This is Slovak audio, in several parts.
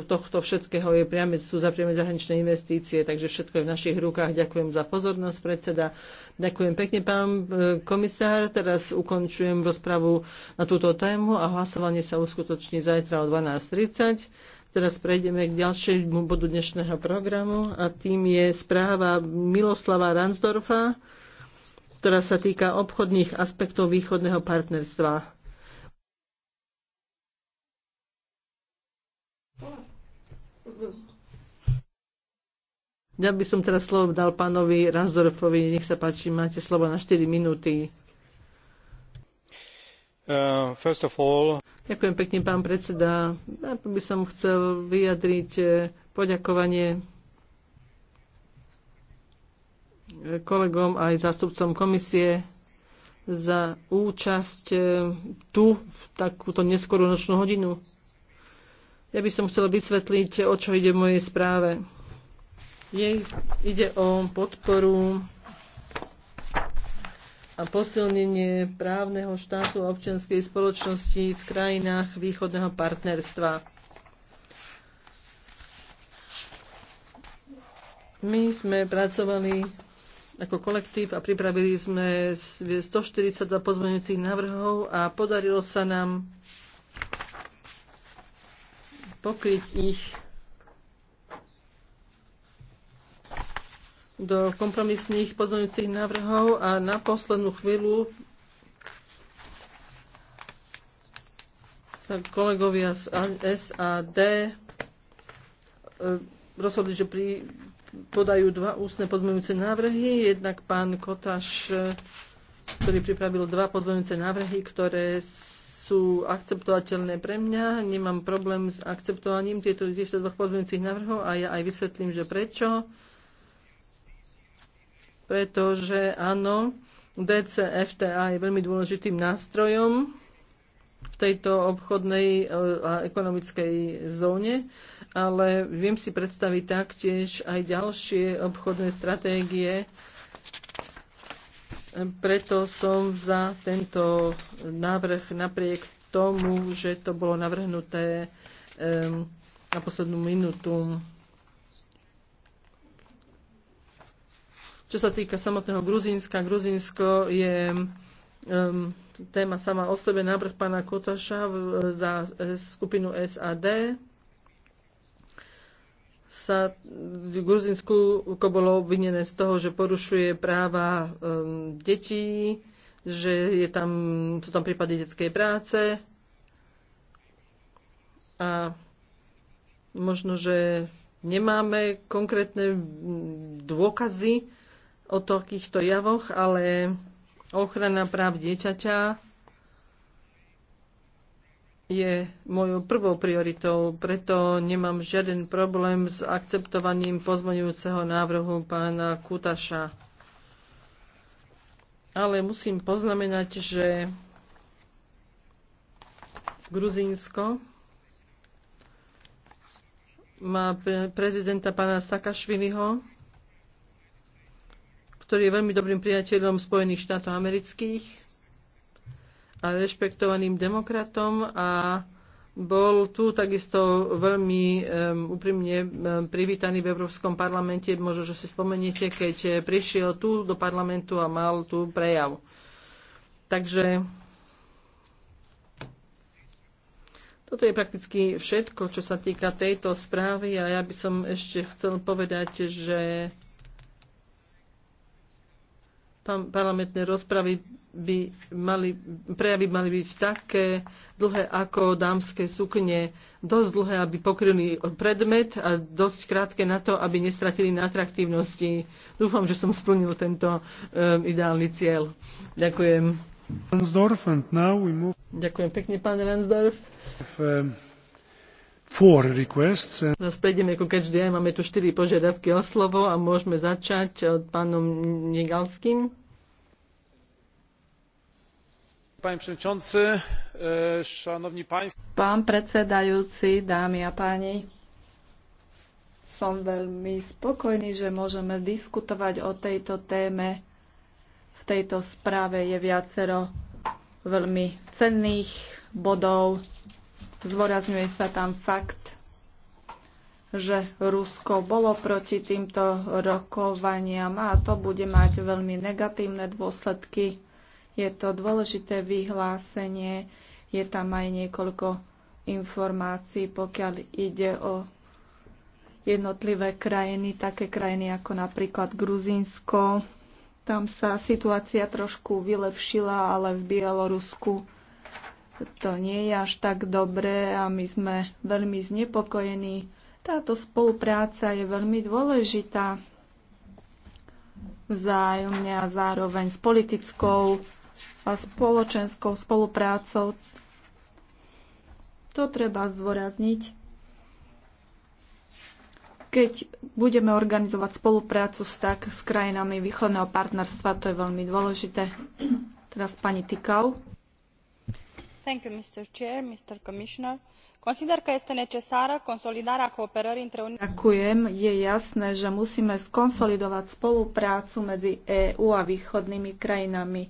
tohto všetkého je priame, sú za priame zahraničné investície, takže všetko je v našich rukách. Ďakujem za pozornosť, predseda. Ďakujem pekne, pán e, komisár. Teraz ukončujem rozpravu na túto tému a hlasovanie sa uskutoční zajtra o 12.30. Teraz prejdeme k ďalšiemu bodu dnešného programu a tým je správa Miloslava Ransdorfa, ktorá sa týka obchodných aspektov východného partnerstva. Ja by som teraz slovo dal pánovi Ransdorfovi. Nech sa páči, máte slovo na 4 minúty. Uh, first of all... Ďakujem pekne, pán predseda. Ja by som chcel vyjadriť eh, poďakovanie eh, kolegom aj zástupcom komisie za účasť eh, tu v takúto neskorú nočnú hodinu. Ja by som chcel vysvetliť, o čo ide v mojej správe. Jej ide o podporu a posilnenie právneho štátu a občianskej spoločnosti v krajinách východného partnerstva. My sme pracovali ako kolektív a pripravili sme 142 pozmeňujúcich návrhov a podarilo sa nám pokryť ich do kompromisných pozmeňujúcich návrhov a na poslednú chvíľu sa kolegovia z SAD eh, rozhodli, že pri, podajú dva ústne pozmeňujúce návrhy. Jednak pán Kotaš, eh, ktorý pripravil dva pozmeňujúce návrhy, ktoré sú akceptovateľné pre mňa. Nemám problém s akceptovaním týchto, týchto dvoch pozmeňujúcich návrhov a ja aj vysvetlím, že prečo pretože áno, DCFTA je veľmi dôležitým nástrojom v tejto obchodnej e, a ekonomickej zóne, ale viem si predstaviť taktiež aj ďalšie obchodné stratégie. Preto som za tento návrh napriek tomu, že to bolo navrhnuté na poslednú minútu. Čo sa týka samotného Gruzínska, Gruzínsko je um, téma sama o sebe, návrh pána Kotaša za e, skupinu SAD sa v Gruzinsku bolo obvinené z toho, že porušuje práva um, detí, že je tam, sú tam prípady detskej práce a možno, že nemáme konkrétne dôkazy, o takýchto javoch, ale ochrana práv dieťaťa je mojou prvou prioritou, preto nemám žiaden problém s akceptovaním pozmeňujúceho návrhu pána Kutaša. Ale musím poznamenať, že Gruzínsko má prezidenta pána Sakašviliho, ktorý je veľmi dobrým priateľom Spojených štátov amerických a rešpektovaným demokratom a bol tu takisto veľmi um, úprimne um, privítaný v Európskom parlamente. Možno, že si spomeniete, keď eh, prišiel tu do parlamentu a mal tu prejav. Takže toto je prakticky všetko, čo sa týka tejto správy a ja by som ešte chcel povedať, že parlamentné rozpravy by mali, prejavy mali byť také dlhé ako dámske sukne, dosť dlhé, aby pokryli predmet a dosť krátke na to, aby nestratili na atraktívnosti. Dúfam, že som splnil tento um, ideálny cieľ. Ďakujem. Ransdorf, and now we move... Ďakujem pekne, pán Ransdorf. If, um... Four requests. Nás prejdeme ku Catch the Eye. Máme tu štyri požiadavky o slovo a môžeme začať od pánom Nigalským. Pán e, predsedajúci, dámy a pani. som veľmi spokojný, že môžeme diskutovať o tejto téme. V tejto správe je viacero veľmi cenných bodov. Zdôrazňuje sa tam fakt, že Rusko bolo proti týmto rokovaniam a to bude mať veľmi negatívne dôsledky je to dôležité vyhlásenie, je tam aj niekoľko informácií, pokiaľ ide o jednotlivé krajiny, také krajiny ako napríklad Gruzínsko. Tam sa situácia trošku vylepšila, ale v Bielorusku to nie je až tak dobré a my sme veľmi znepokojení. Táto spolupráca je veľmi dôležitá vzájomne a zároveň s politickou spoločenskou spoluprácou. To treba zdôrazniť. Keď budeme organizovať spoluprácu s, tak, s krajinami východného partnerstva, to je veľmi dôležité. Teraz pani Tikau. Thank you, Mr. Chair, Mr. Commissioner. Consider că este necesară consolidarea cooperării între Uniunea Ďakujem. Je jasné, že musíme skonsolidovať spoluprácu medzi EÚ a východnými krajinami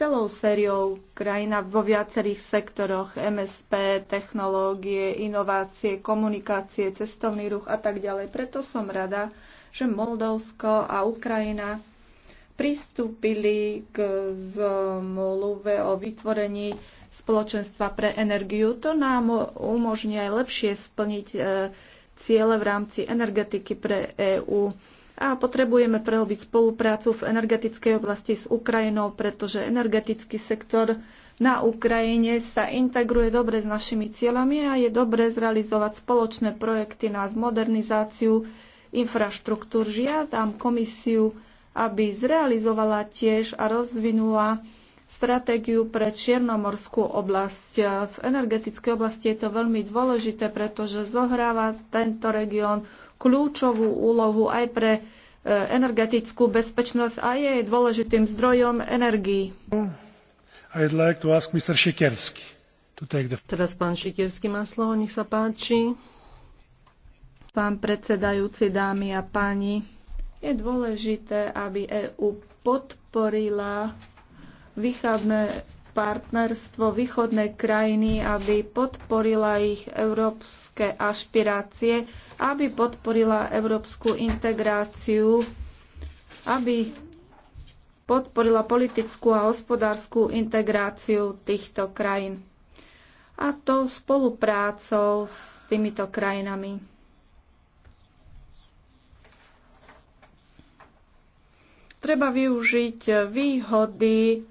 celou sériou krajina vo viacerých sektoroch MSP, technológie, inovácie, komunikácie, cestovný ruch a tak ďalej. Preto som rada, že Moldovsko a Ukrajina pristúpili k zmluve o vytvorení spoločenstva pre energiu. To nám umožní aj lepšie splniť e, ciele v rámci energetiky pre EÚ a potrebujeme prehlbiť spoluprácu v energetickej oblasti s Ukrajinou, pretože energetický sektor na Ukrajine sa integruje dobre s našimi cieľami a je dobre zrealizovať spoločné projekty na zmodernizáciu infraštruktúr. Žiadam komisiu, aby zrealizovala tiež a rozvinula stratégiu pre Čiernomorskú oblasť. V energetickej oblasti je to veľmi dôležité, pretože zohráva tento región kľúčovú úlohu aj pre e, energetickú bezpečnosť a je dôležitým zdrojom energii. I'd like to ask Mr. Šikersky to take the... Teraz pán Šikersky má slovo, nech sa páči. Pán predsedajúci, dámy a páni, je dôležité, aby EÚ podporila východné partnerstvo východné krajiny, aby podporila ich európske ašpirácie, aby podporila európsku integráciu, aby podporila politickú a hospodárskú integráciu týchto krajín. A to spoluprácou s týmito krajinami. Treba využiť výhody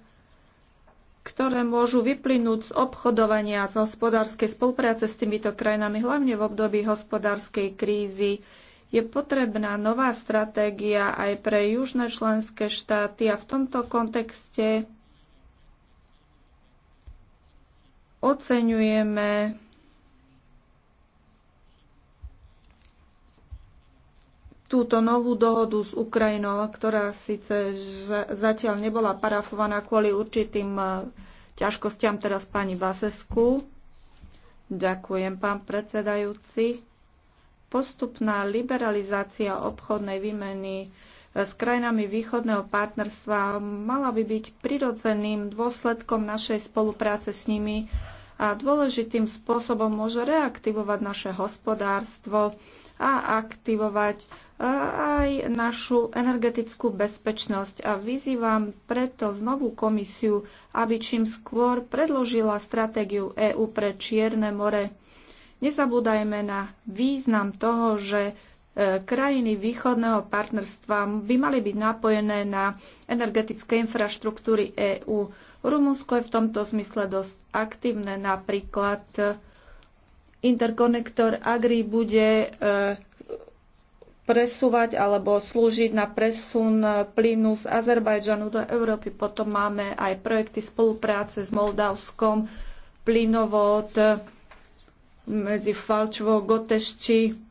ktoré môžu vyplynúť z obchodovania z hospodárskej spolupráce s týmito krajinami, hlavne v období hospodárskej krízy. Je potrebná nová stratégia aj pre južné členské štáty a v tomto kontexte oceňujeme túto novú dohodu s Ukrajinou, ktorá síce zatiaľ nebola parafovaná kvôli určitým eh, ťažkostiam teraz pani Basesku. Ďakujem, pán predsedajúci. Postupná liberalizácia obchodnej výmeny eh, s krajinami východného partnerstva mala by byť prirodzeným dôsledkom našej spolupráce s nimi a dôležitým spôsobom môže reaktivovať naše hospodárstvo a aktivovať e, aj našu energetickú bezpečnosť a vyzývam preto znovu komisiu, aby čím skôr predložila stratégiu EÚ pre Čierne more. Nezabúdajme na význam toho, že E, krajiny východného partnerstva by mali byť napojené na energetické infraštruktúry EÚ. Rumunsko je v tomto zmysle dosť aktívne. Napríklad e, interkonektor Agri bude e, presúvať alebo slúžiť na presun plynu z Azerbajdžanu do Európy. Potom máme aj projekty spolupráce s Moldavskom, plynovod medzi Falčvo, Gotešči,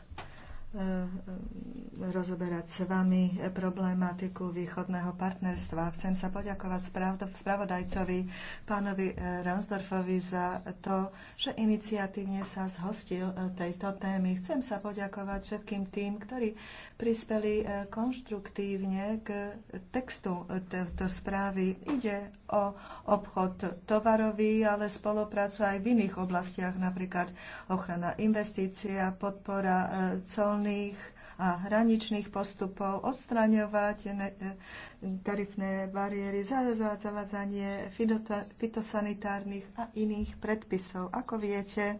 Eh, eh, rozoberať s vami problematiku východného partnerstva. Chcem sa poďakovať spravodajcovi pánovi eh, Ransdorfovi za to, že iniciatívne sa zhostil tejto témy. Chcem sa poďakovať všetkým tým, ktorí prispeli konštruktívne k textu tejto správy. Ide o obchod tovarový, ale spolupracu aj v iných oblastiach, napríklad ochrana investícia, podpora colných kontrolných a hraničných postupov, odstraňovať e, tarifné bariéry, zavádzanie fitosanitárnych a iných predpisov. Ako viete,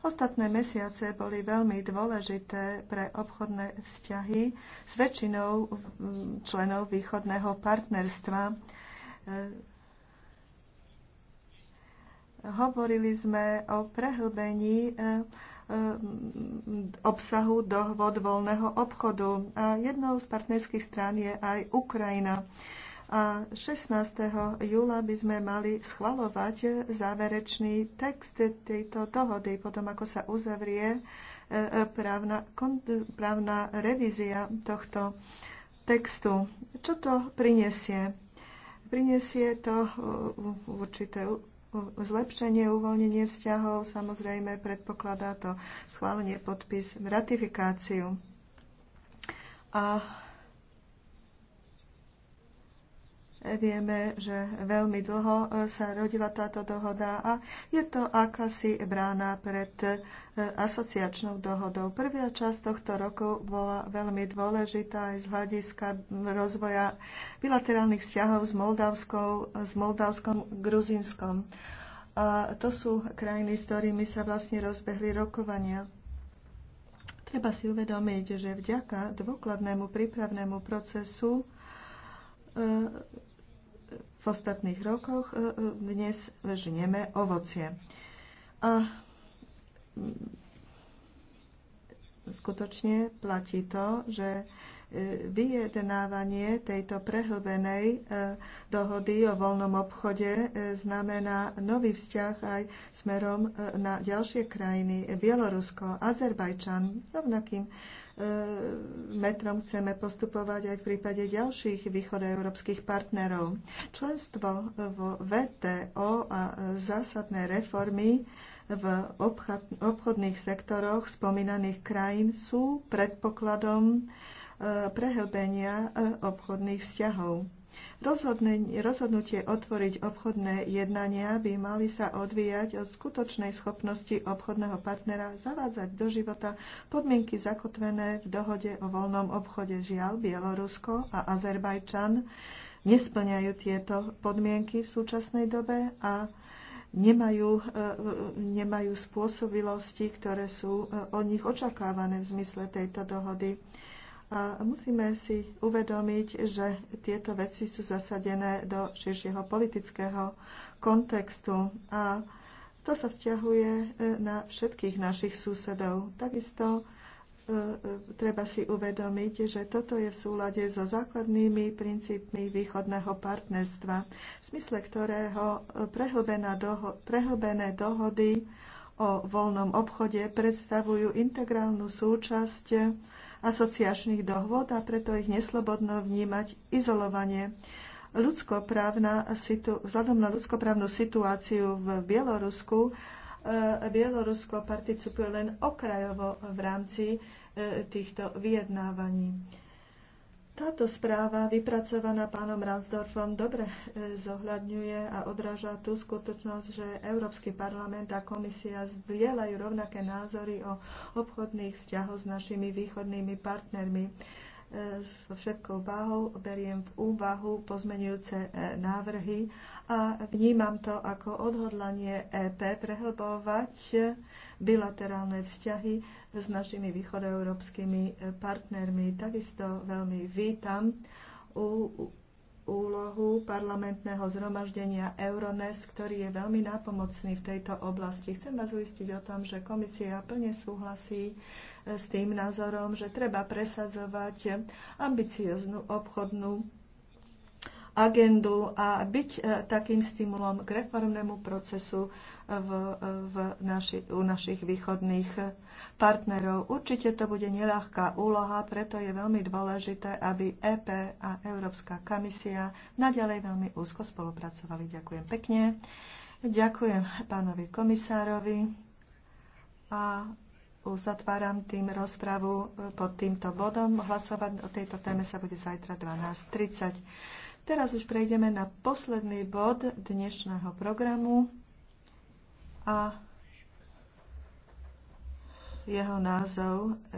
ostatné mesiace boli veľmi dôležité pre obchodné vzťahy s väčšinou členov východného partnerstva. E, hovorili sme o prehlbení e, Eh, obsahu dohod voľného obchodu. A jednou z partnerských strán je aj Ukrajina. A 16. júla by sme mali schvalovať záverečný text tejto dohody, potom ako sa uzavrie eh, právna, právna revízia tohto textu. Čo to prinesie? Prinesie to eh, určité zlepšenie, uvoľnenie vzťahov, samozrejme predpokladá to schválenie, podpis, ratifikáciu. A Vieme, že veľmi dlho e, sa rodila táto dohoda a je to akási brána pred e, asociačnou dohodou. Prvá časť tohto roku bola veľmi dôležitá aj z hľadiska rozvoja bilaterálnych vzťahov s, Moldavskou, s Moldavskom Gruzinskom. A to sú krajiny, s ktorými sa vlastne rozbehli rokovania. Treba si uvedomiť, že vďaka dôkladnému prípravnému procesu e, ostatných rokoch e, e, dnes žnieme ovocie. A mm, skutočne platí to, že Vyjednávanie tejto prehlbenej e, dohody o voľnom obchode e, znamená nový vzťah aj smerom e, na ďalšie krajiny, Bielorusko, Azerbajčan, rovnakým metrom chceme postupovať aj v prípade ďalších východoeurópskych partnerov. Členstvo vo VTO a zásadné reformy v obchodných sektoroch spomínaných krajín sú predpokladom prehlbenia e, obchodných vzťahov. Rozhodnutie otvoriť obchodné jednania by mali sa odvíjať od skutočnej schopnosti obchodného partnera zavádzať do života podmienky zakotvené v dohode o voľnom obchode. Žiaľ, Bielorusko a Azerbajčan nesplňajú tieto podmienky v súčasnej dobe a nemajú, e, nemajú spôsobilosti, ktoré sú e, od nich očakávané v zmysle tejto dohody. A musíme si uvedomiť, že tieto veci sú zasadené do širšieho politického kontextu a to sa vzťahuje e, na všetkých našich susedov. Takisto e, e, treba si uvedomiť, že toto je v súlade so základnými princípmi východného partnerstva, v smysle ktorého prehlbené dohody o voľnom obchode predstavujú integrálnu súčasť asociačných dohôd a preto ich neslobodno vnímať izolovanie. Ľudskoprávna situ- vzhľadom na ľudskoprávnu situáciu v Bielorusku e, Bielorusko participuje len okrajovo v rámci e, týchto vyjednávaní. Táto správa, vypracovaná pánom Ransdorfom, dobre e, zohľadňuje a odráža tú skutočnosť, že Európsky parlament a komisia zdieľajú rovnaké názory o obchodných vzťahoch s našimi východnými partnermi so všetkou váhou beriem v úvahu pozmenujúce e, návrhy a vnímam to ako odhodlanie EP prehlbovať bilaterálne vzťahy s našimi východoeurópskymi e, partnermi. Takisto veľmi vítam u úlohu parlamentného zhromaždenia Euronest, ktorý je veľmi nápomocný v tejto oblasti. Chcem vás uistiť o tom, že komisia plne súhlasí eh, s tým názorom, že treba presadzovať ambicioznú obchodnú agendu a byť e, takým stimulom k reformnému procesu v, v naši, u našich východných partnerov. Určite to bude neľahká úloha, preto je veľmi dôležité, aby EP a Európska komisia naďalej veľmi úzko spolupracovali. Ďakujem pekne. Ďakujem pánovi komisárovi a uzatváram tým rozpravu pod týmto bodom. Hlasovať o tejto téme sa bude zajtra 12.30. Teraz už prejdeme na posledný bod dnešného programu a jeho názov